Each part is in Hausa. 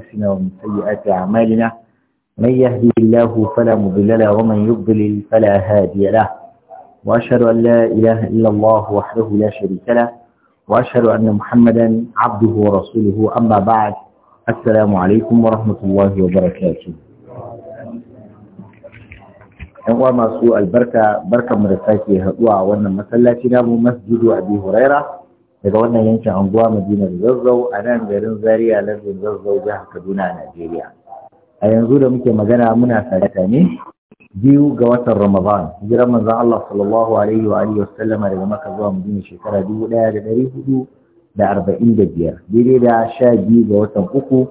أنفسنا ومن سيئات أعمالنا من يهدي الله فلا مضل له ومن يضلل فلا هادي له وأشهد أن لا إله إلا الله وحده لا شريك له وأشهد أن محمدا عبده ورسوله أما بعد السلام عليكم ورحمة الله وبركاته ‘Yan uwa سوء البركة بركة mu da sake haɗuwa wannan أبي هريرة daga wannan yankin anguwa madinar zazzau a nan garin zaria lardin zazzau jihar kaduna a najeriya a yanzu da muke magana muna sadaka ne biyu ga watan ramadan hijirar manzon allah sallallahu alaihi wa alihi wasallama daga maka zuwa madina shekara dubu ɗaya da dari hudu da arba'in da biyar daidai da sha biyu ga watan uku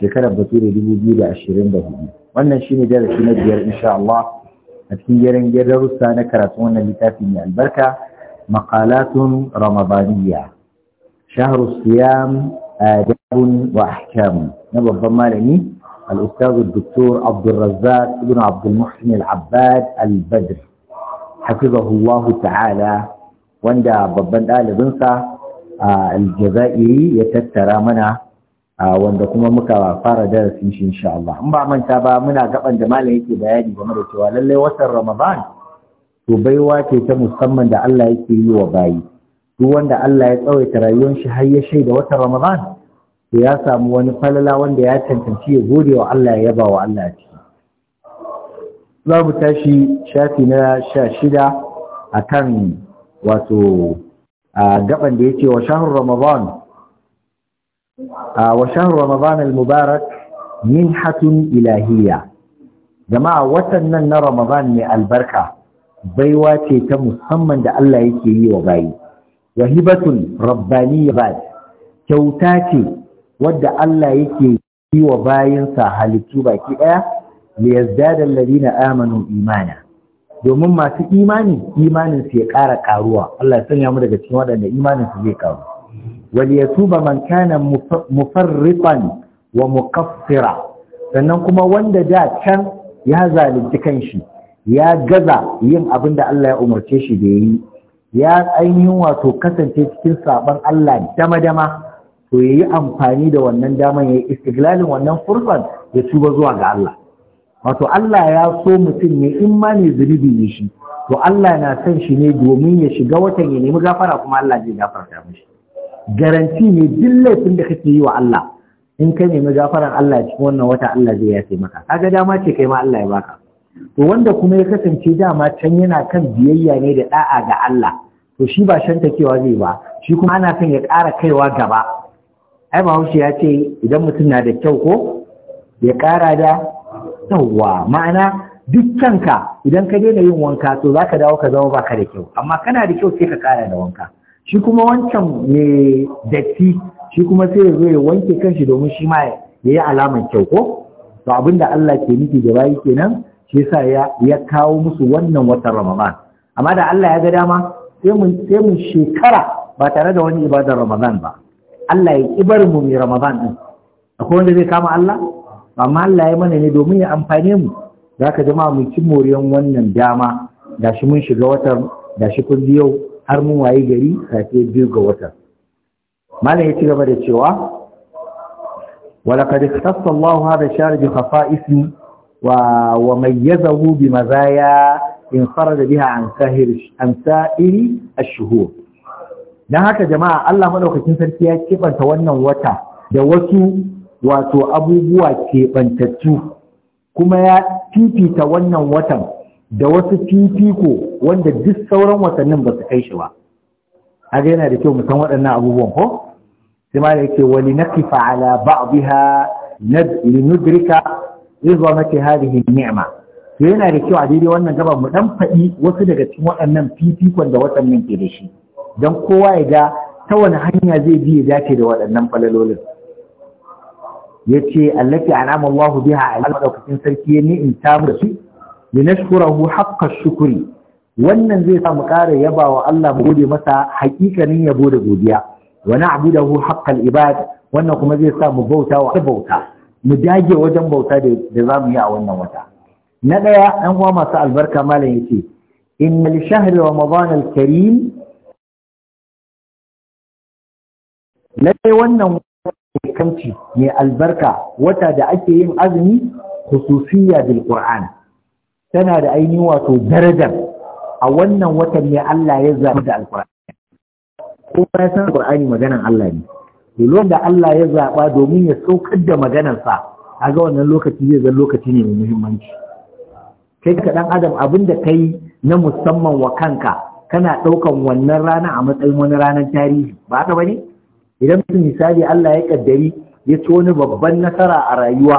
shekarar bature dubu biyu da ashirin da hudu wannan shine darasi na biyar insha allah a cikin geren gyaran na karatun wannan littafi mai albarka مقالات رمضانية شهر الصيام آداب وأحكام نبض مالني الأستاذ الدكتور عبد الرزاق بن عبد المحسن العباد البدر حفظه الله تعالى وندى ببن آل بنسى آه، الجزائري يتترى منا wanda kuma muka fara darasin shi insha Allah in ba manta ba muna gaban da malam yake bayani game to baiwa ce ta musamman da Allah yake yi wa bayi duk wanda Allah ya tsawaita rayuwar shi har ya shaida watan Ramadan to ya samu wani falala wanda ya tantance ya gode wa Allah ya yaba wa Allah ci za mu tashi shafi na sha shida a kan wato a gaban da ya ce wa shahar Ramadan wa Ramadan al-mubarak min hatun ilahiya jama'a watan nan na Ramadan mai albarka baiwa ce ta musamman da Allah yake yi wa bayi wa hibatun rabbaniyya ba kyauta ce wadda Allah yake yi wa bayinsa halittu baki ɗaya li yazdada alladhina amanu imana domin masu imani imanin su ya ƙara ƙaruwa Allah ya sanya mu daga cikin waɗanda imanin su zai ƙaru wal yatuba man kana mufarriqan wa muqaffira sannan kuma wanda da can ya zalunci kanshi ya gaza yin abin da Allah ya umarce shi da yi ya ainihin wato kasance cikin saban Allah dama-dama to ya yi amfani da wannan daman ya yi istiglalin wannan furfan ya tuba zuwa ga Allah wato Allah ya so mutum ne in ma ne zunubi ne shi to Allah na son shi ne domin ya shiga watan ya nemi gafara kuma Allah zai gafarta mishi garanti ne duk laifin da kake yi wa Allah in ka nemi gafaran Allah cikin wannan wata Allah zai yafe maka kaga dama ce kai ma Allah ya baka to wanda kuma ya kasance dama can yana kan biyayya ne da da'a ga Allah to shi ba shanta kewa zai ba shi kuma ana son ya ƙara kaiwa gaba ai bahaushe ya ce idan mutum na da kyau ko ya ƙara da yawwa ma'ana duk kanka idan ka daina yin wanka to za ka dawo ka zama baka da kyau amma kana da kyau sai ka ƙara da wanka shi kuma wancan mai datti shi kuma sai ya zo ya wanke kanshi domin shi ma ya yi alamar kyau ko to abinda Allah ke nufi da bayi kenan shi yasa ya ya kawo musu wannan watan Ramadan amma da Allah ya ga dama sai mun sai mun shekara ba tare da wani ibadar Ramadan ba Allah ya ibar mu mai Ramadan din akwai wanda zai kama Allah amma Allah ya mana ne domin ya amfane mu zaka jama'a mu ci moriyan wannan dama Da shi mun shiga watan da shi kun yau har mun waye gari safe biyu ga watan malam ya ci gaba da cewa ولقد اختص الله هذا الشهر بخصائص wa wa mayyazahu bi mazaya in farada biha an sahir dan haka jama'a Allah madaukakin sarki ya kibanta wannan wata da wasu wato abubuwa kebantattu kuma ya fifita wannan watan da wasu fifiko wanda duk sauran watannin ba su kai shi ba Haka yana da kyau mu san waɗannan abubuwan ko sai ma da yake wali naqifa ala ba'dha ندرك izamati hadhihi ni'ma to yana da kyau a daidai wannan gaba mu dan faɗi wasu daga cikin waɗannan fifikon da waɗannan ke da shi don kowa ya ga ta wani hanya zai bi ya dace da waɗannan falalolin ya ce allati an'ama Allah biha ala madaukakin sarki ya ni'imta mu da su li nashkurahu haqqa shukri wannan zai sa mu ƙara yaba wa Allah mu gode masa haƙiƙanin yabo da godiya wa na'budahu haqqal ibad wannan kuma zai sa mu bauta wa bauta mu dage wajen bauta da za mu yi a wannan wata na ɗaya 'yan uwa masu albarka malam yace innal shahri ramadan al-karim lallai wannan kanci mai albarka wata da ake yin azumi khususiyya bil qur'an tana da ainihin wato darajar a wannan watan ne Allah ya zama da alqur'ani kuma ya san alqur'ani maganan Allah ne lokacin da Allah ya zaɓa domin ya saukar da maganarsa a ga wannan lokaci zai zan lokaci ne mai muhimmanci kai ka ɗan adam abin da kai na musamman wa kanka kana ɗaukan wannan rana a matsayin wani ranar tarihi ba ka bane idan mutum misali Allah ya kaddari ya ci wani babban nasara a rayuwa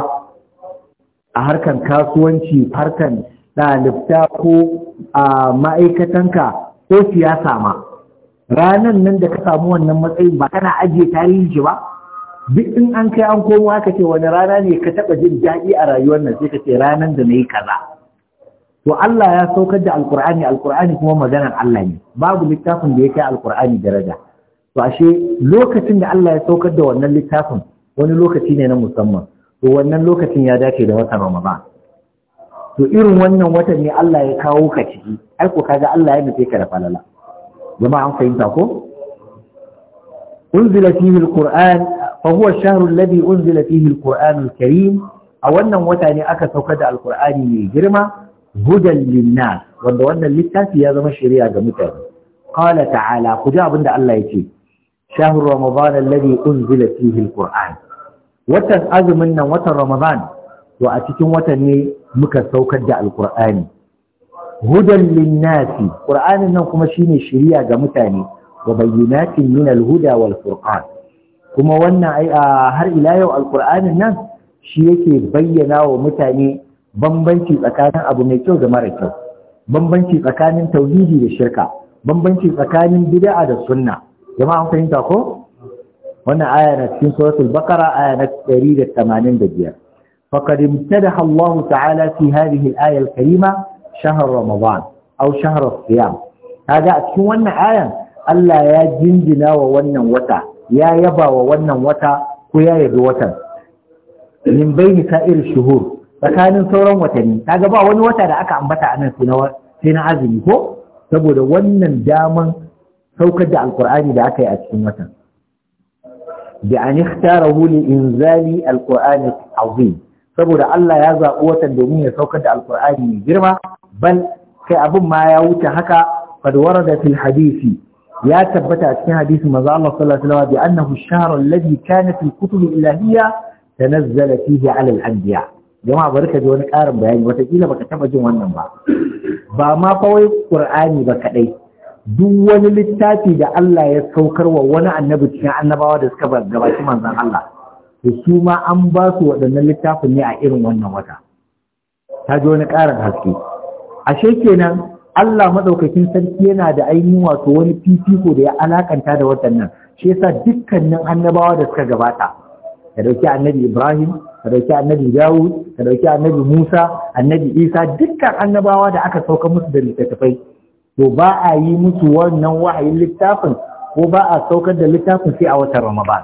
a harkan kasuwanci harkan ɗalibta ko a ma'aikatanka ko siyasa ma ranan nan da ka samu wannan matsayin ba kana ajiye tarihin shi ba duk in an kai an komo haka ce wani rana ne ka taɓa jin daɗi a rayuwar nan sai ka ce ranan da na yi kaza to Allah ya saukar da alkur'ani alkur'ani kuma maganar Allah ne babu littafin da ya kai alkur'ani daraja to ashe lokacin da Allah ya saukar da wannan littafin wani lokaci ne na musamman to wannan lokacin ya dace da watan Ramadan to irin wannan watan ne Allah ya kawo ka ciki aiko ko kaga Allah ya nufe ka da falala Zama an fahimta ko unzila fihi alquran fa huwa ash unzila a wannan wata ne aka sauka da Alƙur'ani mai girma hudan linnas wanda wannan littafi ya zama shari'a ga mutane qala ta'ala ku ji abinda Allah yake shahru ramadan alladhi unzila fihi alquran watan azumin nan watan ramadan to a cikin watan ne muka saukar da Alƙur'ani. hudan linnasi qur'anin nan kuma shine shiriya ga mutane wa bayyinatin min alhuda wal furqan kuma wannan ai har ila yau alqur'anin nan shi yake bayyana wa mutane bambanci tsakanin abu mai kyau da mara kyau bambanci tsakanin tauhidi da shirka bambanci tsakanin bid'a da sunna jama'a an fahimta ko wannan aya na cikin suratul baqara aya na 185 faqad imtadaha allahu ta'ala fi hadhihi al-aya al-karima shahar Ramadan au shahar Siyam kaga a cikin wannan ayan Allah ya jinjina wa wannan wata ya yaba wa wannan wata ko ya yabi watan min bayni sa'ir shuhur tsakanin sauran watanni kaga ba wani wata da aka ambata a nan na sai na azumi ko saboda wannan daman saukar da Alƙur'ani da aka yi a cikin watan bi an ikhtarahu li inzali alqur'ani azim saboda Allah ya zaɓi watan domin ya saukar da alqur'ani mai girma bal kai abin ma ya wuce haka qad da fil hadisi ya tabbata a cikin hadisi maza Allah sallallahu alaihi wasallam bi annahu ash-shahr alladhi kana fi kutub al-ilahiyya tanazzala fihi ala al-anbiya jama'a barka da wani karin bayani watakila baka taba jin wannan ba ba ma fa qur'ani ba kadai duk wani littafi da Allah ya saukar wa wani annabi cikin annabawa da suka gabaci manzon Allah to su ma an ba su waɗannan littafin ne a irin wannan wata ta ji wani ƙarin haske ashe kenan Allah madaukakin sarki yana da ainihin wato wani fifiko da ya alakanta da waɗannan shi yasa dukkanin annabawa da suka gabata ka dauki annabi Ibrahim ka dauki annabi Dawud ka dauki annabi Musa annabi Isa dukkan annabawa da aka sauka musu da littattafai to ba a yi musu wannan wahayin littafin ko ba a saukar da littafin sai a watan Ramadan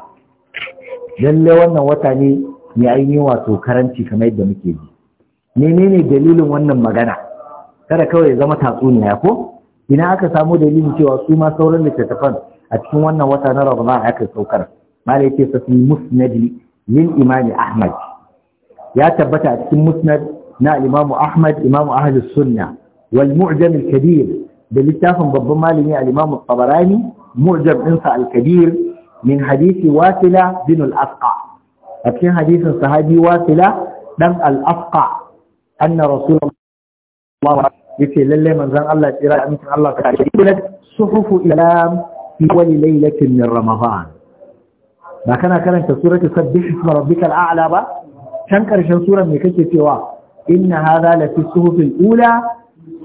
lalle wannan wata ne mai ainihin wato karanci kamar yadda muke ji menene dalilin wannan magana kada kawai ya zama tatsuniya ko ina aka samu dalilin cewa su ma sauran littattafan a cikin wannan wata na Ramadan aka saukar malai ce sa fi musnadi lil imami Ahmad ya tabbata a cikin musnad na imamu Ahmad imamu ahli sunna wal mu'jam al kabir da littafin babban malami al imamu Tabarani mu'jam din sa al kabir min hadisi Wasila bin al Asqa a cikin hadisin sahabi Wasila dan al Asqa anna rasulullah Allah yace lalle manzon Allah tsira da mutum Allah ka kare shi suhufu ilam fi wani lailatin min ramadan ba kana karanta suratu sabbih isma rabbikal a'la ba can karshen suran me kake cewa inna hadha la fi suhufil ula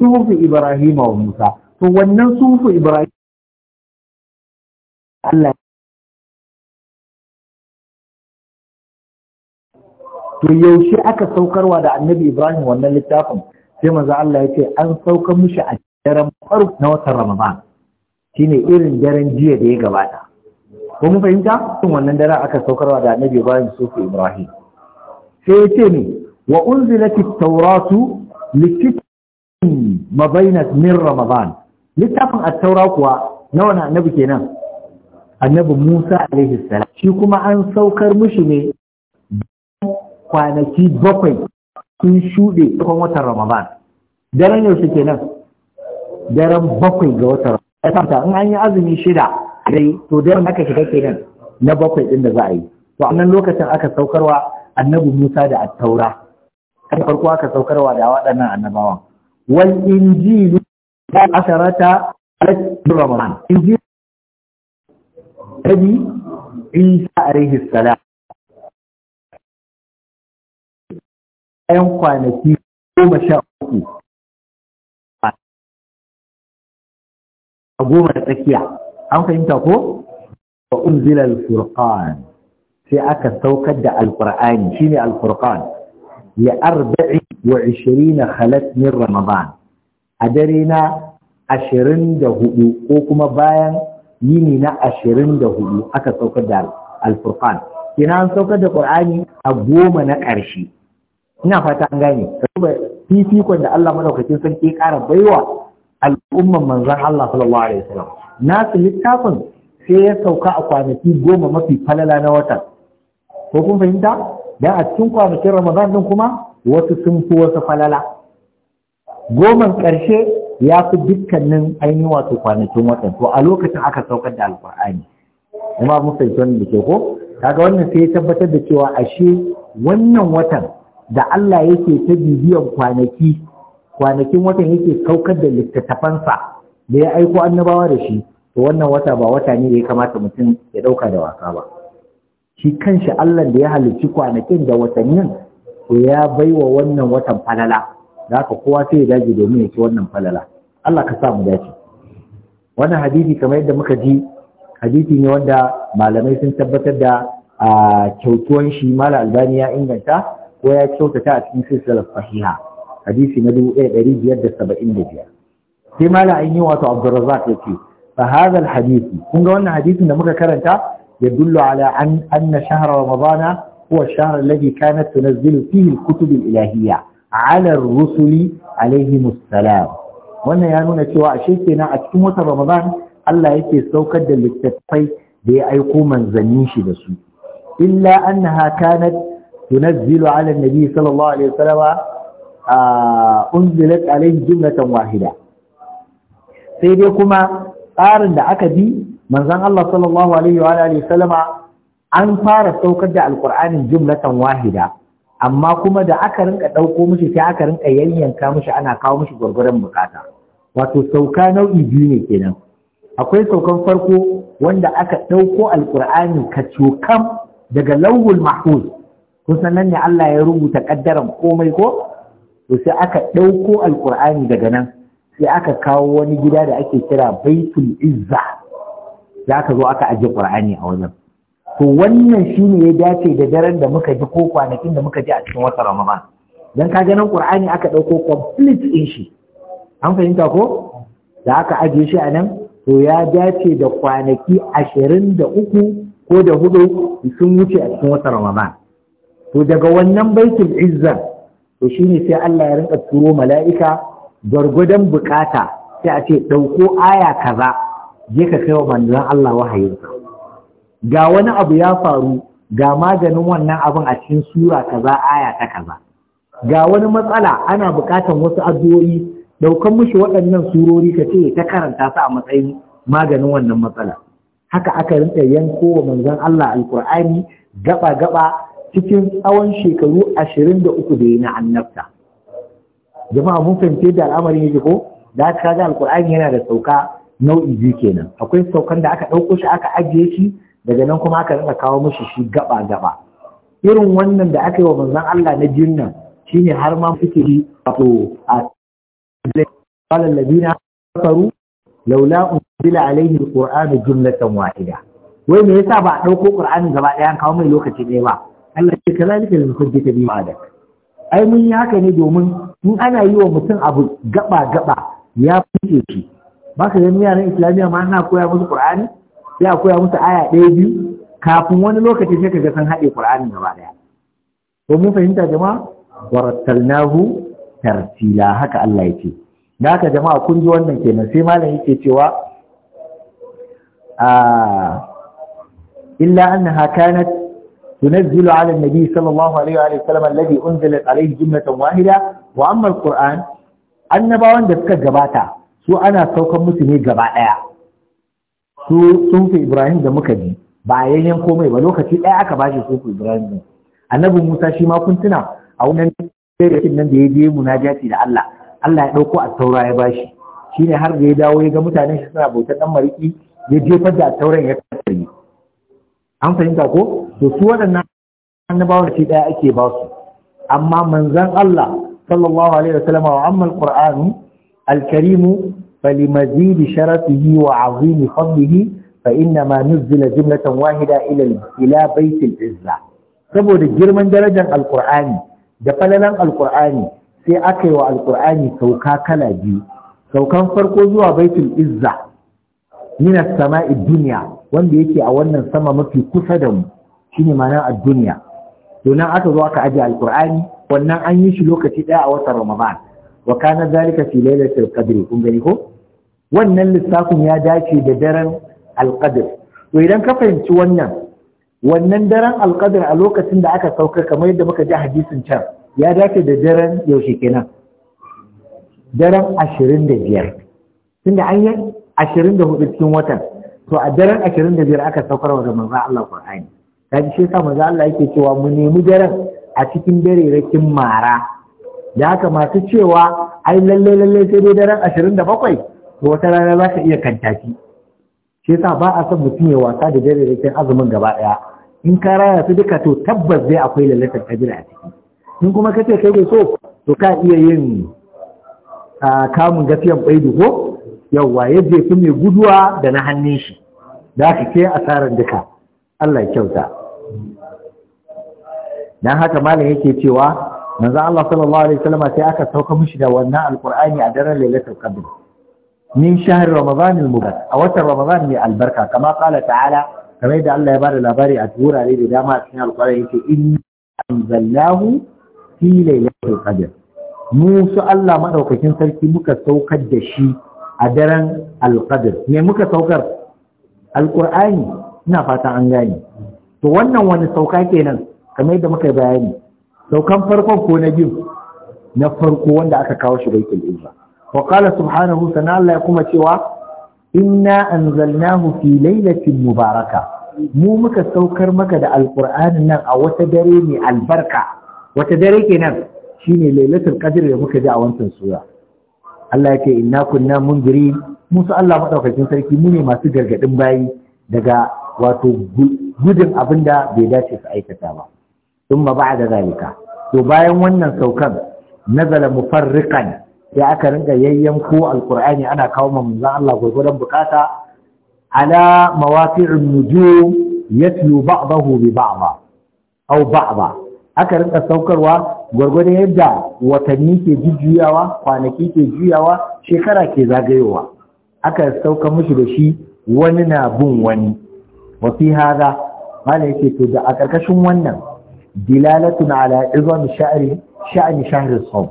suhufi ibrahim wa musa to wannan suhufu ibrahim Allah to yaushe aka saukarwa da annabi ibrahim wannan littafin sai manzo Allah ya ce an sauka mushi a daren farko na watan Ramadan ne irin daren jiya da ya gabata ko mu fahimta tun wannan daren aka saukarwa da Annabi Ibrahim sufi Ibrahim sai ya ce ne wa unzilatit tawratu likitin mabainat min Ramadan littafin at-taura kuwa na wani annabi kenan annabi Musa alaihi salam shi kuma an saukar mushi ne kwanaki bakwai sun shuɗe tsohon watan ramadan daren yau suke nan daren bakwai ga watan ramadan in an yi azumi shida dai to daren aka shiga kenan na bakwai ɗin da za a yi to a nan lokacin aka saukarwa annabi musa da attaura kan farko aka saukarwa da waɗannan annabawan wal injilu da asharata cikin ramadan injilu tabi isa alaihi salam 'yan kwanaki goma sha uku a goma da tsakiya an fahimta ko ba unzila al-furqan sai aka saukar da al-qur'ani shine alfurqan ya arba'i wa ishirina khalat min ramadan a dare na ashirin da hudu ko kuma bayan yini na ashirin da hudu aka saukar da alfurqan kina an saukar da qur'ani a goma na ƙarshe ina fata an gane ka duba fifikon da Allah madaukakin sarki ya ƙara baiwa al'umman manzon Allah sallallahu alaihi wasallam su littafin sai ya sauka a kwanaki goma mafi falala na watan ko kun fahimta dan a cikin kwanakin Ramadan din kuma wasu sun fi wasu falala goman karshe ya fi dukkanin ainihin wato kwanakin watan to a lokacin aka saukar da alkur'ani kuma mun fahimci ke ko kaga wannan sai ya tabbatar da cewa ashe wannan watan da Allah yake ta bibiyan kwanaki kwanakin watan yake saukar da littattafansa da ya aiko annabawa da shi to wannan wata ba wata ne da ya kamata mutum ya ɗauka da wasa ba shi kanshi Allah da ya halicci kwanakin da watannin to ya baiwa wannan watan falala da haka kowa sai ya daji domin ya ci wannan falala Allah ka sa mu dace wannan hadisi kamar yadda muka ji hadisi ne wanda malamai sun tabbatar da ah, kyautuwan shi mala albani ya inganta ko ya kyautata a cikin silsilar sahiha hadisi na 1575 sai mala an yi wato ya ce fa hadha alhadith kun ga wannan hadisin da muka karanta ya ala an anna shahra ramadana huwa ash-shahr alladhi kanat tunazzilu fihi al-kutub ala ar-rusuli alayhimus salam wannan ya nuna cewa ashe kenan a cikin watan ramadan Allah yake saukar da littattafai da ya aiko manzannin shi da su illa annaha kanat تنزل على النبي صلى الله عليه وسلم unzilat alaihi jumlatan wahida sai dai kuma tsarin da aka bi manzon Allah sallallahu an fara saukar da alkur'anin jumlatan wahida amma kuma da aka rinka dauko mishi sai aka rinka yayyanka mishi ana kawo mishi gurgurun bukata wato sauka nau'i biyu ne kenan akwai saukan farko wanda aka dauko alqur'ani kacokam daga Lawul mahfuz kusan nan ne Allah ya rubuta kaddaran komai ko to sai aka ɗauko alkur'ani daga nan sai aka kawo wani gida da ake kira baitul izza za ka zo aka ajiye qur'ani a wajen to wannan shine ya dace da daren da muka ji ko kwanakin da muka ji a cikin watan ramadan dan ka ganin qur'ani aka ɗauko complete din shi an fahimta ko da aka ajiye shi a nan to ya dace da kwanaki ashirin da uku ko da hudu sun wuce a cikin watan ramadan to daga wannan baitul izza to shine sai Allah ya rinka turo mala'ika gwargwadon bukata sai a ce ɗauko aya kaza je ka kai wa manzon Allah wahayinka ga wani abu ya faru ga maganin wannan abin a cikin sura kaza aya ta kaza ga wani matsala ana bukatan wasu addu'o'i daukan mushi waɗannan surori ka ce ta karanta su a matsayin maganin wannan matsala haka aka rinka yanko wa manzon Allah alkur'ani gaba gaba cikin tsawon shekaru ashirin da uku da yi na annabta jama'a mun fahimci da al'amarin yake ko da aka kaga alkur'ani yana da sauka nau'i biyu kenan akwai saukan da aka ɗauko shi aka ajiye shi daga nan kuma aka rika kawo mishi shi gaba gaba irin wannan da aka yi wa manzon Allah na jinna shine har ma suke yi wato a قال ladina kafaru laula unzila عليه alqur'anu jumlatan wahida wai me yasa ba a ɗauko Qur'ani gaba ɗaya kawo mai lokaci ɗaya ba Allah ce ka zalika da nufin bi ma'ada ai mun yi haka ne domin in ana yi wa mutum abu gaba gaba ya fice shi ba ka ganin yaran islamiyya ma ana koya musu qur'ani sai a koya musu aya ɗaya biyu kafin wani lokaci sai ka ga san haɗe qur'ani gaba ɗaya to mun fahimta jama'a warattalnahu tartila haka Allah ya ce. da haka jama'a kun ji wannan kenan sai malam yake cewa ah, illa annaha kanat تنزل على النبي صلى الله عليه وآله وسلم الذي أنزلت عليه جملة واحدة وأما القرآن annabawan da suka gabata su ana saukan musu ne gaba ɗaya su sunfi ibrahim da muka ji ba a yanyan komai ba lokaci ɗaya aka ba shi sunfi ibrahim ne annabi musa shi ma kuntuna. a wannan yakin nan da ya mu na munajati da allah allah ya ɗauko a taura ya bashi shine har da ya dawo ya ga mutanen shi suna bauta ɗan mariki ya jefar da tauran ya kasance an fahimta ko to su waɗannan annabawa ce ɗaya ake ba su amma manzan Allah sallallahu alaihi wasallam wa amma alqur'anu alkarimu falimazidi sharafihi wa azimi fadlihi fa inna ma nuzila jumlatan wahida ila ila baitil izza saboda girman darajar alqur'ani da falalan alqur'ani sai aka yi wa alqur'ani sauka kala biyu saukan farko zuwa baitul izza min as-sama'i dunya wanda yake a wannan sama mafi kusa da mu shine ma'ana a duniya aka zo aka ajiye Alkur'ani? wannan an yi shi lokaci ɗaya a watan ramadan wa kana zalika fi lailatul qadr kun gani ko wannan lissafin ya dace da daren alqadr to idan ka fahimci wannan wannan daren alqadr a lokacin da aka sauka kamar yadda muka ji hadisin can ya dace da daren yaushe kenan daren ashirin da biyar tunda an yi ashirin da hudu cikin watan to a daren ashirin da biyar aka saukar wa manzo Allah Qur'ani ta ji shi sama za Allah yake cewa mu nemi daren a cikin darerakin mara da haka masu cewa ai lalle lalle sai dai daren ashirin da bakwai to wata rana za ka iya kantaki shi yasa ba a son mutum ya wasa da darerakin azumin gaba ɗaya in ka raya su duka to tabbas zai akwai lallatar kabila a ciki in kuma ka ce kai bai so to ka iya yin ah, kamun gafiyan bai ko yawwa ya fi mai guduwa da na hannun shi da aka ke asarar duka Allah ya kyauta Don haka malam yake cewa manzo Allah sallallahu alaihi sai aka sauka mishi da wannan alqur'ani a daren lailatul kabin min shahar ramadan mubarak a watan ramadan mai albarka kama qala ta'ala kamar yadda Allah ya bada labari a turare da dama a cikin alqur'ani yake in anzalnahu fi lailatul kabin mu su Allah maɗaukakin sarki muka saukar da shi a daren alƙadir me muka saukar alƙur'ani ina fata an gane to wannan wani sauka kenan kamar yadda muka bayani saukan farkon ko na biyu na farko wanda aka kawo shi bai izza wa qala subhanahu sana Allah ya kuma cewa inna anzalnahu fi lailatin mubaraka mu muka saukar maka da alƙur'anin nan a wata dare mai albarka wata dare kenan shine lailatul qadr da muka ji a wancan sura Allah ya ce inna kunna mundiri musu Allah madaukakin sarki mu ne masu gargadin bayi daga wato gudun abin da bai dace su aikata ba sun ma da zalika to bayan wannan saukan nazala mufarriqan ya aka rinka yayyanko alqur'ani ana kawo ma manzon Allah gurgurdan bukata ala mawaqi'un nujum yatlu ba'dahu bi ba'd aw ba'd aka rinka saukarwa gwargwadon yadda watanni ke jujjuyawa kwanaki ke juyawa shekara ke zagayowa aka sauka mushi da shi wani na bin wani wafi hada mana yake to da a ƙarƙashin wannan Dilalatu ala izon sha'ani shahri saum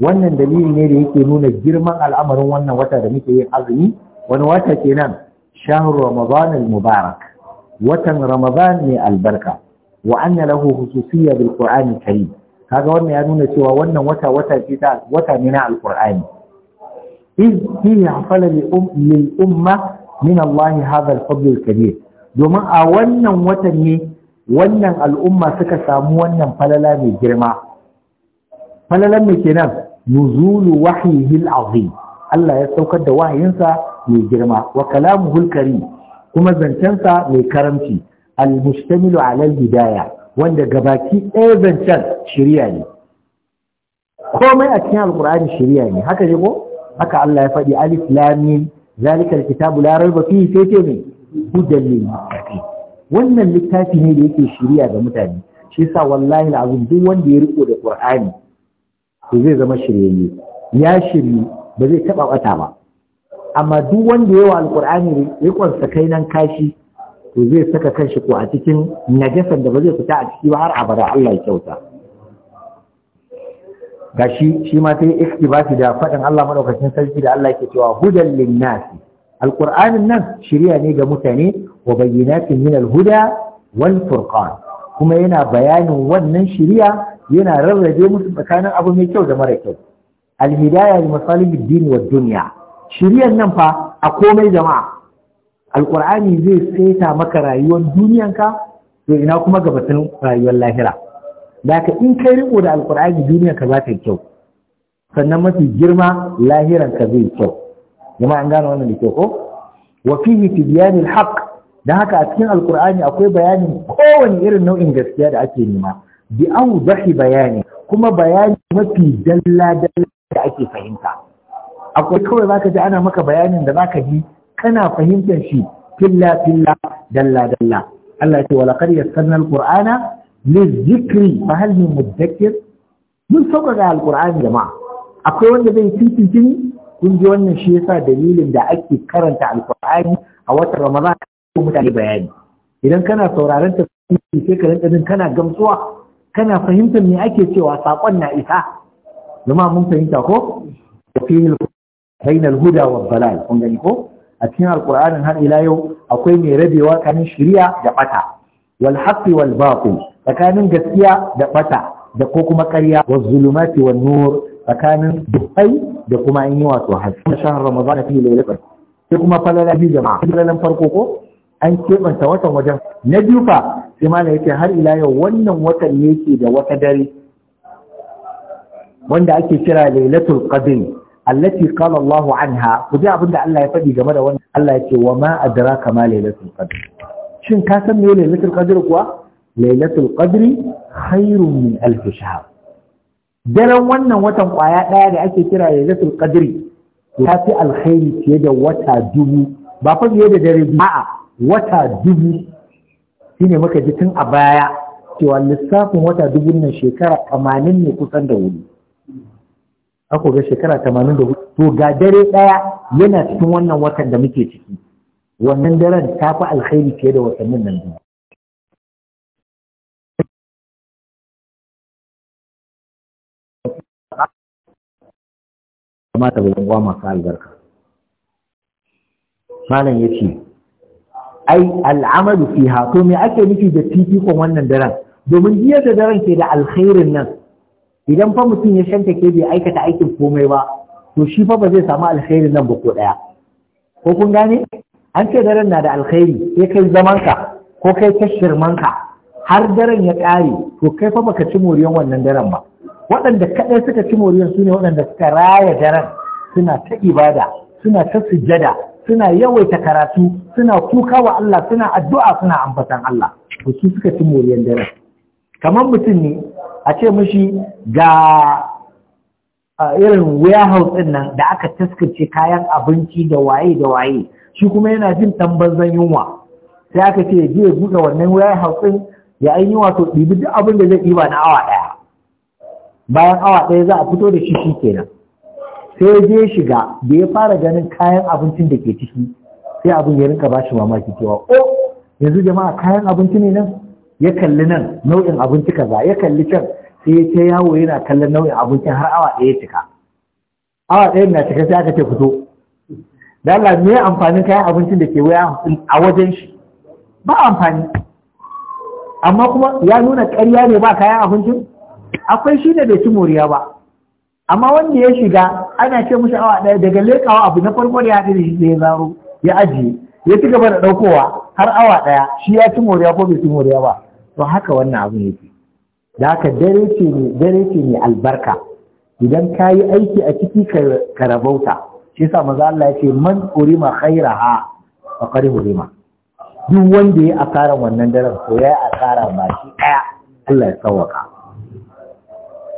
wannan dalili ne da yake nuna girman al'amarin wannan wata da muke yin azumi wani wata kenan shahar ramadan al-mubarak watan ramadan ne albarka wa anna lahu khususiyya bil qur'ani karim kaga wannan ya nuna cewa wannan wata wata ce ta wata ne na alkur'ani iz fihi hafala li um umma min Allah hadha al-fadl domin a wannan watan ne wannan al'umma suka samu wannan falala mai girma falalan mai kenan nuzulu wahyihi Hil, azim Allah ya saukar da wahayinsa mai girma wa kalamuhu al-karim kuma zancensa mai karamci al-mushtamilu ala al wanda gabaki ɗaya zancen shirya ne komai a cikin alkur'ani shirya ne haka ne ko haka Allah ya faɗi alif lamin zalikal Kitabu, la raiba fihi sai ce ne hujjal lil muttaqin wannan littafi ne da yake shirya ga mutane shi yasa wallahi alazim duk wanda ya riko da qur'ani to zai zama shiryayye ya shiri ba zai taba bata ba amma duk wanda yawa alkur'ani sa kai nan kashi to zai saka kanshi ko a cikin najasar da ba zai fita a ciki ba har abada Allah ya kyauta gashi shi ma sai iktibasi da faɗin Allah madaukakin sarki da Allah yake cewa hudan linnasi alqur'anin nan shiriya ne ga mutane wa bayyinatin min alhuda wal furqan kuma yana bayanin wannan shiriya yana rarrabe musu tsakanin abu mai kyau da mara kyau alhidaya li masalihid din wa dunya shiriyan nan fa a komai jama'a alƙur'ani zai saita maka rayuwar duniyanka to ina kuma ga batun rayuwar lahira da in kai riko da alƙur'ani duniyanka za ta yi kyau sannan mafi girma ka zai kyau kuma an gane wannan da kyau ko wa fihi tibyanil haqq dan haka a cikin alƙur'ani akwai bayanin kowane irin nau'in gaskiya da ake nema bi awdahi bayani kuma bayani mafi dalla dalla da ake fahimta akwai kawai zaka ji ana maka bayanin da zaka ji kana fahimtar shi filla filla dalla dalla Allah ce wala qad yassarna alqur'ana lizikri fa hal min mudakkir mun sauƙaƙa alqur'ani jama'a akwai wanda zai tintin kun ji wannan shi yasa dalilin da ake karanta alqur'ani a watan ramadan mutane bayani idan kana sauraron tafsiri sai ka rinka jin kana gamsuwa kana fahimtar me ake cewa sakon na isa jama'a mun fahimta ko da fihil huda wa dalal kun gani ko a cikin alqur'anin har ila yau akwai mai rabewa kanin shari'a da bata wal haqqi wal batil tsakanin gaskiya da bata da ko kuma ƙarya wa zulumati wan nur tsakanin dukai da kuma an yi wato haske shahar ramadana fi lailatul sai kuma falala biyu jama'a falalan farko ko an keɓanta watan wajen na biyu fa sai malam yake har ila yau wannan watan ne ke da wata dare wanda ake kira lailatul qadr allati qala anha ku je abinda Allah ya faɗi game da wannan Allah ya ce wa ma adraka ma lailatul qadr shin ka san me lailatul qadr kuwa lailatul qadri khairun min alf shahr daren wannan watan kwaya daya da ake kira lailatul qadri ta fi alkhairi fiye da wata dubu ba fa fiye da dare biyu a'a wata dubu shine muka ji tun a baya cewa lissafin wata dubu nan shekara 80 ne kusan da wuri ako ga shekara tamanin da to ga dare ɗaya yana cikin wannan watan da muke ciki wannan daren ta fi alkhairi fiye da watannin nan biyu ta ga gwa masu albarka malam ya ce ai al'amalu fi to me ake nufi da fifikon wannan daren domin jiya da daren ke da alkhairin nan idan fa mutum ya shanta ke bai aikata aikin komai ba to shi fa ba zai samu alkhairin nan ba ko daya ko kun gane an ce daren na da alkhairi Ya kai zamanka ko kai ta shirmanka har daren ya ƙare, to kai fa baka ci moriyan wannan daren ba waɗanda kaɗai suka ci moriyan su ne waɗanda suka raya daren suna ta ibada suna ta sujjada suna yawaita karatu suna kuka wa Allah suna addu'a suna ambatan Allah to su suka ci moriyan daren kamar mutum ne a ce mashi ga irin warehouse ɗin nan da aka taskace kayan abinci da waye da waye shi kuma yana jin tambazan yunwa sai aka ce je ya buɗe wannan warehouse ɗin ya an yi to ɗibi duk abin da zai ɗiba na awa ɗaya bayan awa ɗaya za a fito da shi shi kenan sai ya je shiga da ya fara ganin kayan abincin da ke ciki sai abin ya rinka ba shi mamaki cewa o oh, yanzu jama'a kayan abinci ne nan ya kalli nan nau'in abinci za ya kalli can sai ya ce yawo yana kallon nau'in abincin har awa ɗaya cika awa ɗaya na cika sai aka ce fito da Allah me amfanin kayan abincin da ke waya a wajen shi ba amfani amma kuma ya nuna ƙarya ne ba kayan abincin akwai shi da bai ci moriya ba amma wanda ya shiga ana ce mishi awa ɗaya daga lekawa abu na farko da ya haɗu da shi ya zaro ya ajiye ya ci gaba da ɗaukowa har awa ɗaya shi ya ci moriya ko bai ci moriya ba to haka wannan abin yake da ka dare ce ne dare ce ne albarka idan ka yi aiki a ciki ka rabauta shi yasa maza Allah ya ce man urima khairaha urima duk wanda ya asara wannan daren ko ya asara ba shi daya Allah ya sauwaka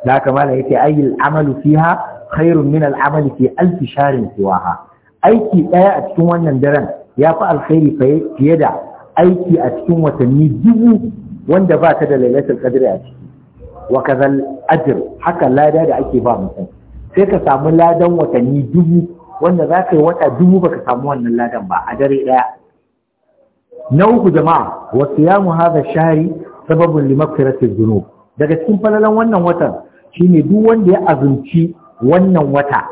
da haka malam yake ayyul amalu fiha khairun min al amali fi alf sharin siwaha aiki daya a cikin wannan daren ya fi alkhairi fiye da aiki a cikin watanni dubu wanda ba ta da lailatul qadri a ciki wa kazal ajr haka lada da ake ba mutum sai ka samu ladan watanni dubu wanda za ka yi wata dubu baka samu wannan ladan ba a dare daya na uku jama'a wa siyamu hadha shahri sababun limaghfirati dhunub daga cikin falalan wannan watan shine duk wanda ya azumci wannan wata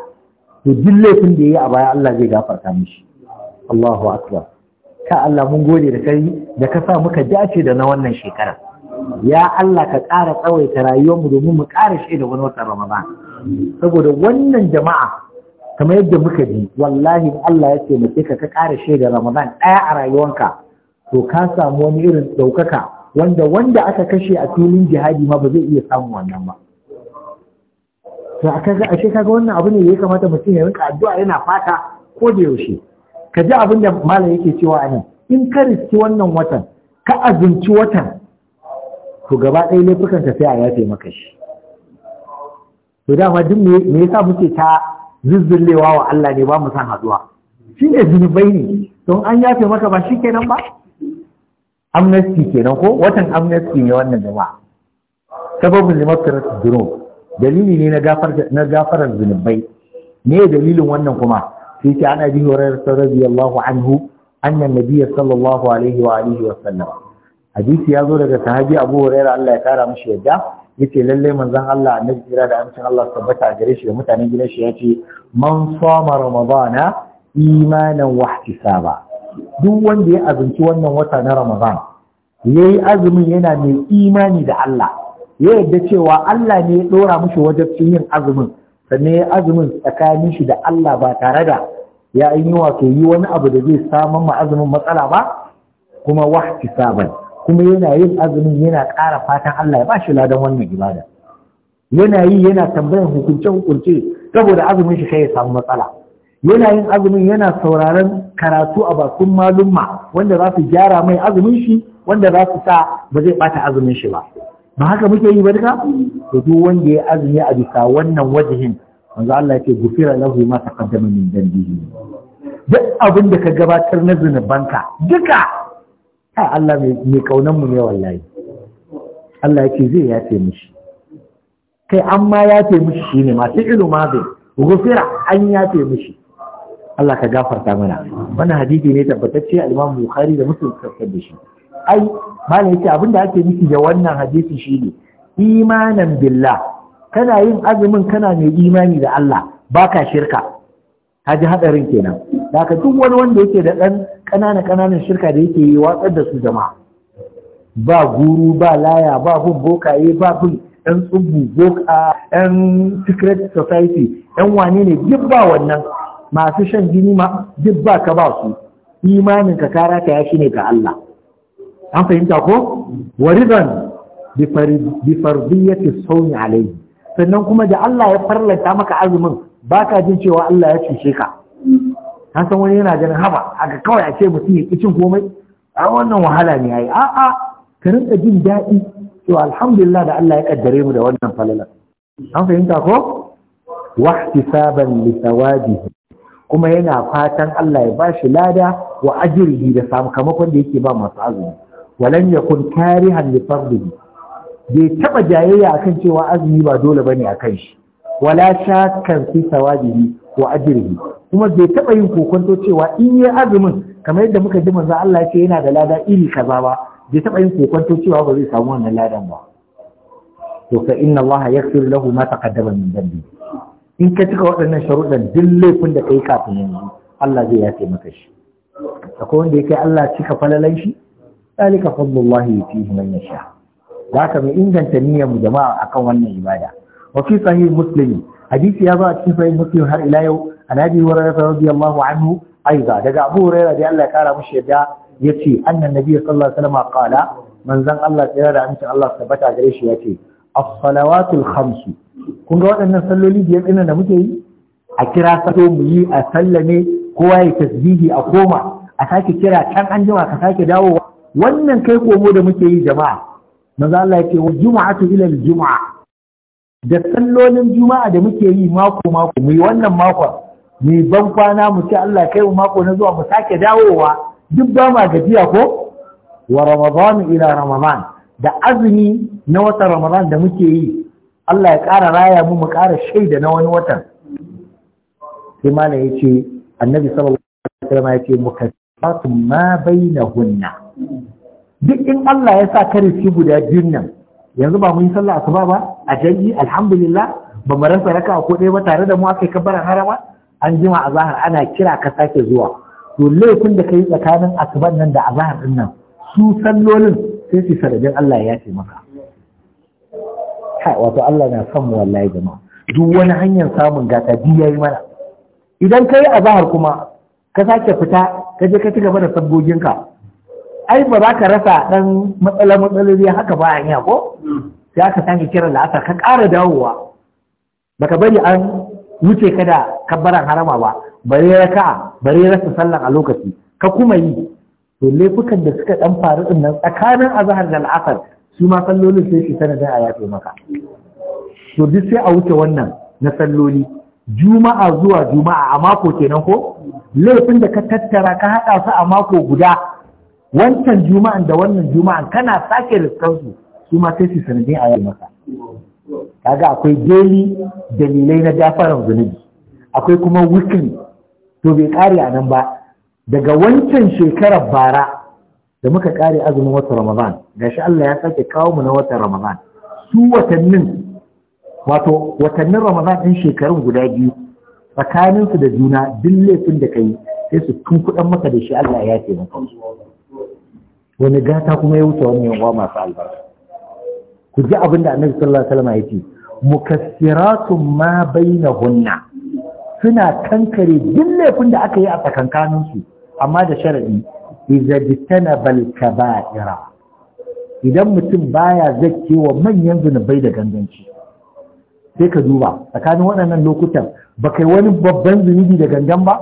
to duk laifin da yayi a baya Allah zai gafarta mishi Allahu akbar ka Allah mun gode da kai da ka sa muka dace da na wannan shekara ya Allah ka ƙara tsawaita rayuwar mu domin mu ƙara shaida wani watan Ramadan saboda wannan jama'a kamar yadda muka ji wallahi Allah ya mu ka ka ƙara shaida Ramadan ɗaya a rayuwanka to ka samu wani irin ɗaukaka wanda wanda aka kashe a filin jihadi ma ba zai iya samun wannan ba to aka ga ashe kaga wannan abu ne ya kamata mutum ya rinka addu'a yana fata ko da yaushe ka ji abin da malam yake cewa a nan in ka riski wannan watan ka azumci watan to gaba ɗaya laifukan ka sai a yafe maka shi to dama duk me yasa muke ta zuzzullewa wa Allah ne ba mu san haduwa shi ne zunubai ne don an yafe maka ba shi kenan ba amnesty kenan ko watan amnesty ne wannan ba sababin limafirar dalili ne na gafarar zunubai ne dalilin wannan kuma sai ta an abi hurairah radiyallahu anhu anna nabiyya sallallahu alaihi wa alihi wa sallam hadisi ya zo daga sahabi abu hurairah Allah ya kara mashi yadda yace lallai manzon Allah annabi jira da amincin Allah tabbata a gare shi da mutanen gidan shi ce. man sama ramadana imanan wa ihtisaba duk wanda ya azumci wannan wata na ramadan yayi azumin yana mai imani da Allah ya yadda cewa Allah ne ya dora mishi wajabcin yin azumin sannan ya azumin tsakanin shi da Allah ba tare da ya yi wato yi wani abu da zai samun ma azumin matsala ba kuma wahti saban kuma yana yin azumin yana ƙara fatan Allah ya ba shi ladan wannan ibada yana yi yana tambayar hukunce hukunce saboda azumin shi kai ya samu matsala yana yin azumin yana sauraron karatu a bakun malumma wanda za su gyara mai azumin shi wanda za su sa ba zai bata azumin shi ba ba haka muke yi ba duka to duk wanda ya azumi a bisa wannan wajihin manzo Allah yake gufira lahu ma taqaddama min dambihi duk abin da ka gabatar na zunubanka duka ai Allah mai kaunan mu ne wallahi Allah yake zai yafe mishi kai amma ya yafe mishi shine ma sai ilu ma zai gufira an yafe mishi Allah ka gafarta mana wannan hadisi ne tabbatacce al-Imam Bukhari da Muslim suka da shi ai malam yace abin da ake nufi da wannan hadisi shine imanan billah kana yin azumin kana mai imani da Allah baka shirka haji hadarin kenan daga duk wani wanda yake da dan kanana kananan shirka da yake yi watsar da su jama'a ba guru ba laya ba bin bokaye ba bin ɗan tsubu boka ɗan secret society ɗan wane ne duk ba wannan masu shan jini ma duk ba ka ba su imanin ka kara ka ya shi ne ga Allah an fahimta ko waridan bi fardiyyati sawmi alayhi sannan kuma da Allah ya farlanta maka azumin baka jin cewa Allah ya cuce ka an san wani yana ganin haba haka kawai a ce mutum ya cin komai a wannan wahala ne yayi a a ka rinka jin daɗi to alhamdulillah da Allah ya kaddare mu da wannan falala an fahimta ko wahtisaban li thawabihi kuma yana fatan Allah ya bashi lada wa ajrihi da sakamakon da yake ba masu azumi walan yakun karihan li fardihi bai taba jayayya akan cewa azumi ba dole bane akan shi wala shakkan fi sawabihi wa ajrihi kuma bai taba yin kokonto cewa in yi azumin kamar yadda muka ji manzo Allah ya ce yana da lada iri kaza ba bai taba yin kokonto cewa ba zai samu wannan ladan ba to fa inna Allah yaghfir lahu ma taqaddama min dhanbi in ka cika waɗannan sharuɗan duk laifin da kai kafin yanzu Allah zai yafe maka shi akwai wanda yake Allah cika falalan shi zalika fadlullahi yutihi man yasha zaka mu inganta niyyar mu jama'a akan wannan ibada wa fi sahih muslim hadisi ya zo a cikin sahih muslim har ila yau an abi hurairah radiyallahu anhu aiza daga abu hurairah da Allah ya kara mushi yadda yace annan nabi sallallahu alaihi wasallam qala Manzan Allah tsira da amincin Allah tabbata gare shi yace as-salawatul khams kun ga waɗannan salloli biyar ɗin da muke yi a kira sallo mu yi a sallame kowa ya tasbihi a koma a sake kira can an jima ka sake dawowa wannan kai komo da muke yi jama'a maza Allah yake wa juma'atu ila juma'a da sallolin juma'a da muke yi mako mako mu yi wannan mako mu ban kwana mu ce Allah kai mu mako na zuwa mu sake dawowa duk ba ma gajiya ko wa ramadan ila ramadan da azumi na watan ramadan da muke yi Allah ya ƙara raya mu mu ƙara shaida na wani watan sai mana yace annabi sallallahu alaihi wasallam yace mukatta ma bainahunna duk in Allah ya sa kare shi guda biyun nan yanzu ba mun yi sallah asuba ba a janji alhamdulillah ba mu rasa raka ko ɗaya ba tare da mu aka ka harama an jima a ana kira ka sake zuwa to laifin da kai tsakanin asuban nan da azahar din nan su sallolin sai su sarajin Allah ya ce maka ha wato Allah na son mu wallahi jama'a duk wani hanyar samun gata bi yayi mana idan kai azahar kuma ka sake fita ka je ka ci gaba da sabgoginka ai ba za ka rasa ɗan matsala-matsaloli haka ba a ko hmm. sai aka sake kiran la'asar ka ƙara dawowa ba ka bari an wuce ka da kabbaran harama ba bare raka bare rasa sallan a lokaci ka kuma yi to laifukan da suka ɗan faru din nan tsakanin azahar da la'asar su ma sallolin sai shi sanadin a yafe maka to duk sai a wuce wannan na salloli juma'a zuwa juma'a a mako kenan ko laifin da ka tattara ka haɗa su a mako guda wancan juma'an da wannan juma'an kana sake riskansu su ma sai su sanadin a yi maka kaga akwai daily dalilai na dafaran zunubi akwai kuma wikin, to bai kare a nan ba daga wancan shekarar bara da muka kare azumin watan ramadan gashi Allah ya sake kawo mu na watan ramadan su watannin wato watannin ramadan ɗin shekarun guda biyu tsakaninsu da juna duk laifin da yi, sai su tun kuɗan maka da shi Allah ya maka wani gata kuma ya wuce wani yawa masu albarka ku ji abin da annabi sallallahu alaihi wasallam ya ce mukassiratun ma bainahunna suna kankare duk laifin da aka yi a tsakankanin su amma da sharadi idza bal kaba'ira idan mutum baya zakkewa manyan zunubai da ganganci sai ka duba tsakanin waɗannan lokutan ba kai wani babban zunubi da gangan ba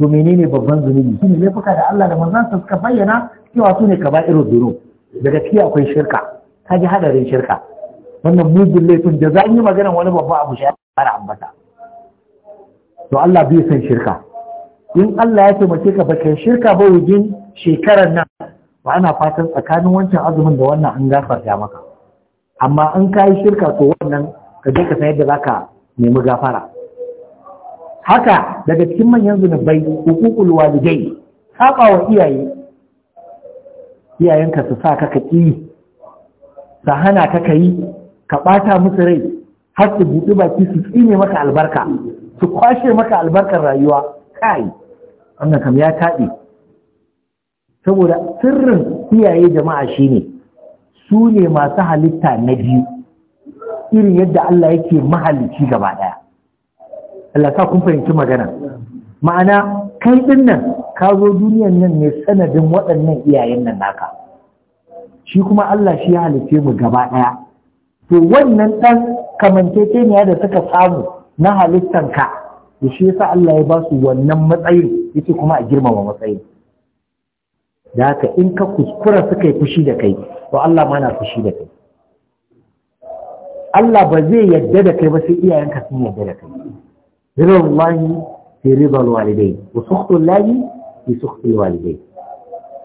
to menene babban zunubi shine laifuka da Allah da manzansa suka bayyana cewa su ne kaba irin duru daga ciki akwai shirka ta ji hadarin shirka wannan mugun laifin da za yi magana wani babba abu shi fara ambata to Allah bai san shirka in Allah ya taimake ka baka shirka ba wajen shekarar nan ba ana fatan tsakanin wancan azumin da wannan an gafarta maka amma in ka yi shirka to wannan ka je ka san yadda zaka nemi gafara haka daga cikin manyan zunubai hukukul walidai saba wa iyaye iyayenka su sa ka kaƙi su hana ka yi, ka ɓata musu rai har su buɗi baki su tsine maka albarka su kwashe maka albarkar rayuwa kai wannan kam ya taɓe saboda sirrin iyaye jama'a shine su ne masu halitta na biyu irin yadda Allah yake mahalicci gaba ɗaya Allah sa kun fahimci magana ma'ana kai ɗin nan ka zo duniyan nan ne sanadin waɗannan iyayen nan naka shi kuma Allah shi ya halice mu gaba ɗaya to wannan ɗan kamanceceniya da suka samu na halittanka da shi yasa Allah ya ba su wannan matsayin yake kuma a girmama matsayin da haka in ka kuskura suka yi fushi da kai to Allah ma na fushi da kai Allah ba zai yadda da kai ba sai iyayenka sun yadda da kai ridallahi sai ridal walidai wa sukhtullahi fi sukhil walidai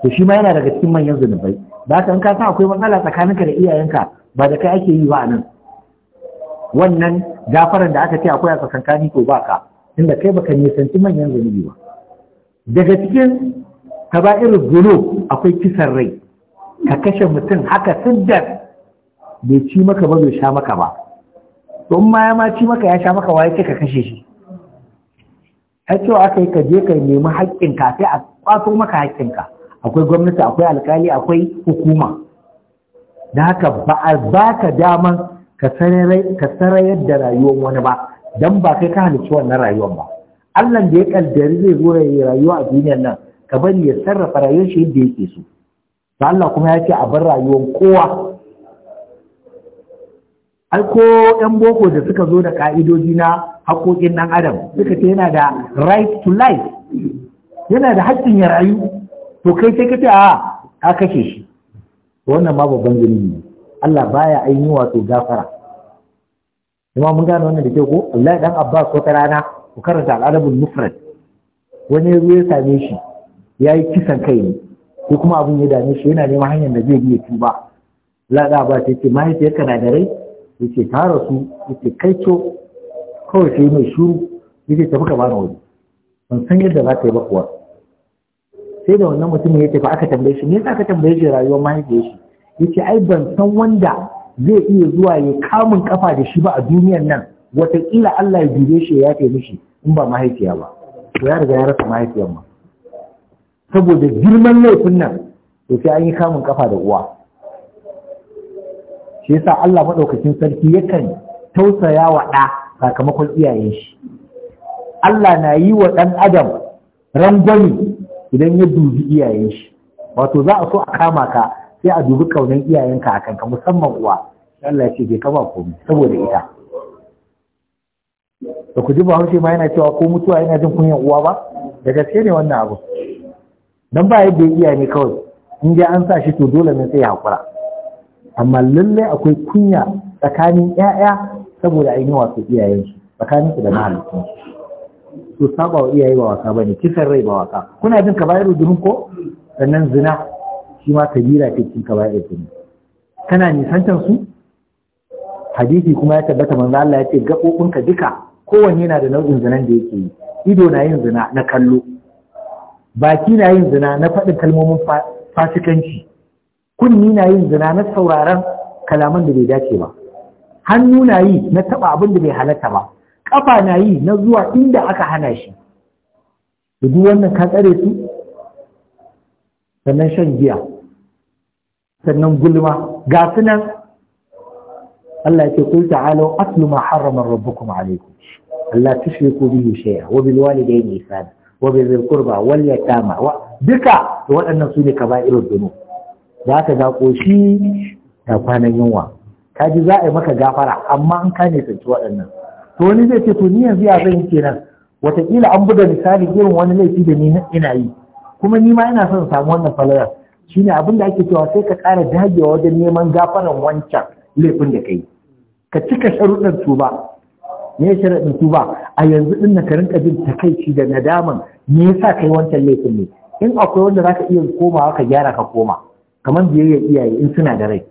to shi ma yana daga cikin manyan zunubai ba ka in ka san akwai matsala tsakaninka da iyayenka ba da kai ake yi ba nan wannan gafaran da aka ce akwai a tsakankani ko ba ka inda kai baka nisanci manyan zunubi ba daga cikin irin gulo akwai kisan rai ka kashe mutum haka siddar bai ci maka ba bai sha maka ba don ma ya ma ci maka ya sha maka waye ce ka kashe shi ai cewa aka yi ka je ka nemi haƙƙinka sai a kwaso maka haƙƙinka akwai gwamnati akwai alƙali, akwai hukuma da haka ba a ba ka daman ka sarayar da rayuwar wani ba don ba kai ka halicci wannan rayuwar ba Allah da ya kaddari zai zo ya rayuwa a duniyar nan ka bari ya sarrafa rayuwar shi yadda yake so Ba Allah kuma ya ce a bar rayuwar kowa ai ko boko da suka zo da ka'idoji na haƙoƙin ɗan adam suka ce yana da right to life yana da haƙƙin ya rayu to kai sai ka ce a ka kashe shi wannan ma babban zunubi ne Allah baya ainihi wato gafara kuma mun gane wannan da ke ko Allah dan Abbas wata rana ku karanta al-adabul mufrad wani yazo ya same shi yayi kisan kai ne ko kuma abin ya dame shi yana neman hanyar da zai bi tuba Allah da Abbas yace mahaifiyarka na da rai Yake ta rasu yake kai co kawai sai mai shuru yake tafi ka bani wani ban san yadda za ka yi ba kuwa sai da wannan mutumin ya tafi aka tambaye shi me yasa aka tambaye shi rayuwar mahaifiyar shi Yake ai ban san wanda zai iya zuwa ya kamun kafa da shi ba a duniyar nan wataƙila Allah ya dube shi ya kai mishi in ba mahaifiya ba to ya riga ya rasa mahaifiyar ma saboda girman laifin nan to sai an yi kamun kafa da uwa shi yasa Allah madaukakin sarki yakan tausaya wa ɗa sakamakon iyayen shi Allah na yi wa ɗan adam rangwani idan ya dubi iyayen shi wato za a so a kama ka sai a dubi kaunan iyayenka a kanka musamman uwa Allah ya ce bai kama komai saboda ita da ku ji bahaushe ma yana cewa ko mutuwa yana jin kunyan uwa ba da gaske ne wannan abu dan ba yadda ya iya ne kawai in dai an sa shi to dole ne sai ya hakura amma lallai akwai kunya tsakanin ƴaƴa saboda ainihin wasu iyayensu tsakanin su da mahalicin su saba wa iyaye ba wasa bane kisan rai ba wasa kuna jin bayar da ko sannan zina shi ma kabira ce cikin bayar dunun kana nisantar su hadisi kuma ya tabbata manzo Allah ya ce gaɓoɓinka duka kowanne yana da nau'in zinan da yake yi ido na yin zina na kallo baki na yin zina na faɗin kalmomin fasikanci kunni na yin zina na sauraron kalaman da bai dace ba hannu na yi na taɓa abin da bai halatta ba kafa na yi na zuwa inda aka hana shi duk wannan ka tsare su sannan shan giya sannan gulma ga su nan Allah ya ce kul ta'alu aslu ma harrama rabbukum alaykum Allah tushriku bihi shay'a wa bil walidayni ihsana wa bil qurba wal yatama wa duka waɗannan su ne kaba'irud dhunub za ka ga shi da kwanan yunwa ka ji za a yi maka gafara amma an ka ne tsanci waɗannan to wani zai ce to ni yanzu ya zan yi kenan wataƙila an buga misali irin wani laifi da ni ina yi kuma ni ma ina son samu wannan falalar shine abin da ake cewa sai ka ƙara dagewa wajen neman gafaran wancan laifin da ka yi ka cika sharuɗin tuba me ya tuba a yanzu ɗin na ka rinka jin takaici da nadaman me yasa yi wancan laifin ne in akwai wanda zaka iya komawa ka gyara ka koma kamar biyayya iyaye in suna da rai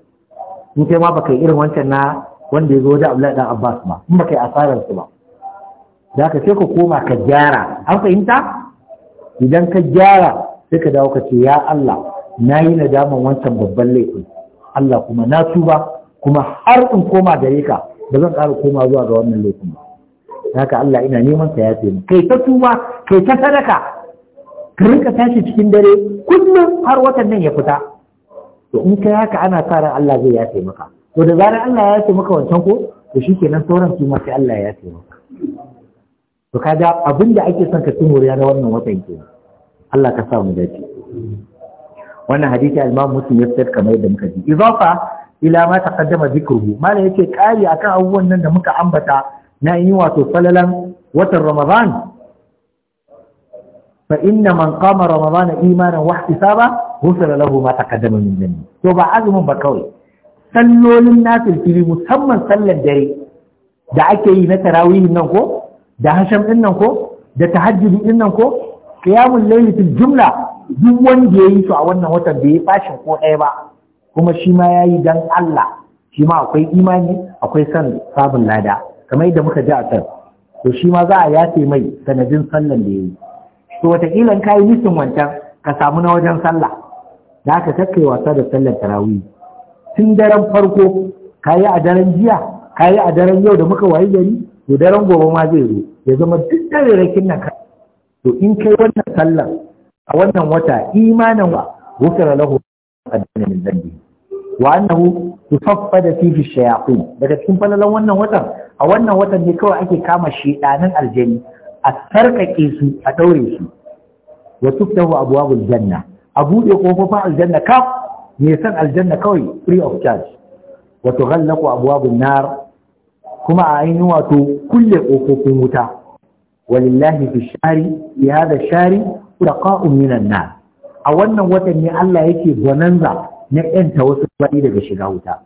in kai ma baka yi irin wancan na wanda ya zo da Abdullahi dan Abbas ba in baka kai asarar su ba da ka sai ka koma ka gyara an fahimta idan ka gyara sai ka dawo ka ce ya Allah na yi nadaman wancan babban laifin Allah kuma na tuba kuma har in koma gare ka ba zan ƙara koma zuwa ga wannan laifin ba ka Allah ina neman ka ya mu kai ta tuba kai ta sadaka ka rinka tashi cikin dare kullum har watan nan ya fita to in kai haka ana sa ran Allah zai yafe maka to da zarar Allah ya yafe maka wancan ko to shikenan sauran su ma sai Allah ya yafe maka to kaga abin da ake son ka ci na wannan watan ke Allah ka sa mu dace wannan hadisi al-Imam Muslim ya fitar kamar yadda muka ji idafa ila ma taqaddama dhikruhu malam yace kari akan abubuwan nan da muka ambata na yi wato falalan watan Ramadan fa inna man qama Ramadan imanan wa ihtisaba husara lahu ma taqaddama min dhanbi to ba azumin ba kawai sallolin nafil fili musamman sallar dare da ake yi na tarawih nan ko da hasham din nan ko da tahajjudi din ko qiyamul layli jumla duk wanda yayi su a wannan watan bai fashin ko ɗaya ba kuma shi ma yayi dan Allah shi ma akwai imani akwai son sabon lada kamar yadda muka ji a can to shi ma za yafe mai sanadin sallan da ya yi to wataƙila ka yi nisan wancan ka samu na wajen sallah da aka kakkai wasa da sallar tarawih tun daren farko kayi a daren jiya kayi a daren yau da muka wayi gari to daren gobe ma zai zo ya zama duk dare rakin nan ka to in kai wannan sallar a wannan wata imanin wa gufira lahu qaddana min dhanbi wa annahu tusaffada fi fi daga cikin falalan wannan watan a wannan watan ne kawai ake kama shedanin aljani a sarkake su a daure su wa tuftahu abwabul janna a buɗe ƙofofin aljanna kaf mai san aljanna kawai free of charge wato ghallaku abwabun nar kuma a ainihin wato kulle ƙofofin wuta walillahi fi shari ya hada shari da minan nar a wannan watan ne Allah yake bonanza na yanta wasu bayi daga shiga wuta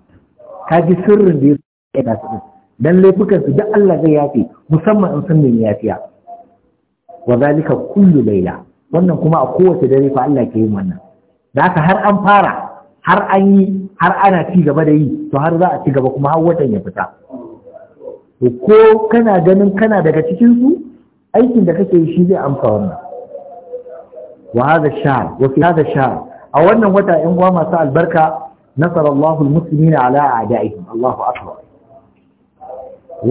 ka ji sirrin da ya yanta su dan laifukan su duk Allah zai yafe, musamman in sun nemi yafiya wa zalika kullu layla wannan kuma a kowace dare fa Allah ke yin wannan da haka har an fara har an yi har ana ci gaba da yi to har za a ci gaba kuma har watan ya fita to ko kana ganin kana daga cikin su aikin da kake yi shi zai amsa wannan wa hadha shahr wa fi hadha shahr a wannan wata yan uwa masu albarka nasara Allahu almuslimina ala a'da'ihim Allahu akbar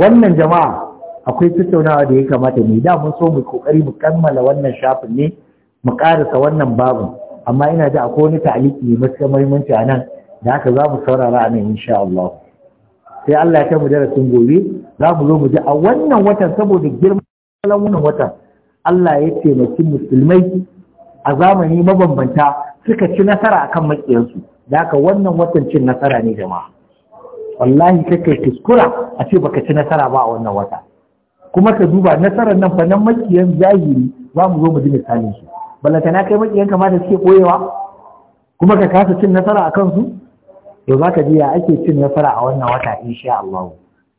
wannan jama'a akwai tattaunawa da ya kamata ne da mun so mu kokari mu kammala wannan shafin ne mu karasa wannan babu amma ina da akwai wani ta'aliki mai matuƙar muhimmanci a nan da haka za mu saurara a nan insha Allah sai Allah ya kai mu darasin gobe za mu zo mu ji a wannan watan saboda girman wannan watan Allah ya taimaki musulmai a zamani mabambanta suka ci nasara akan maƙiyansu da haka wannan watan cin nasara ne jama'a wallahi kake kuskura a ce baka ci nasara ba a wannan wata kuma ka duba nasarar nan fa nan makiyan zahiri za mu zo mu ji misalin su. ballata na kai makiyan kamata suke koyewa kuma ka kasa cin nasara a kansu yau za ka ji ya ake cin nasara a wannan wata insha Allah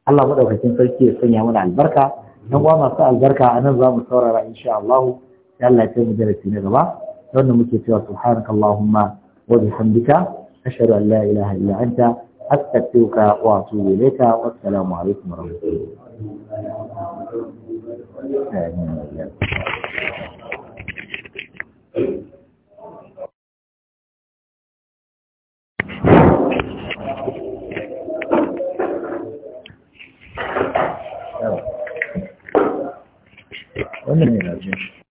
Allah madaukakin sarki ya sanya mana albarka dan uwa masu albarka a nan za mu saurara insha Allah ya Allah ya mu darasi na gaba wannan muke cewa subhanakallahumma wa bihamdika ashhadu an la ilaha illa anta astaghfiruka wa atubu ilayka wassalamu alaikum wa rahmatullahi wa barakatuh wannan ne rajin shi